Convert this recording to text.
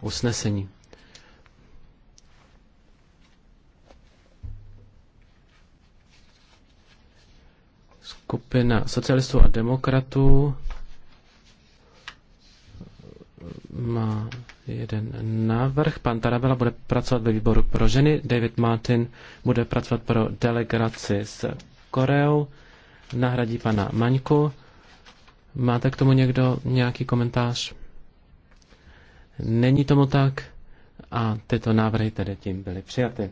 usnesení. Skupina socialistů a demokratů má jeden návrh. Pan Tarabela bude pracovat ve výboru pro ženy, David Martin bude pracovat pro delegaci s Koreou, nahradí pana Maňku. Máte k tomu někdo nějaký komentář? Není tomu tak a tyto návrhy tedy tím byly přijaty.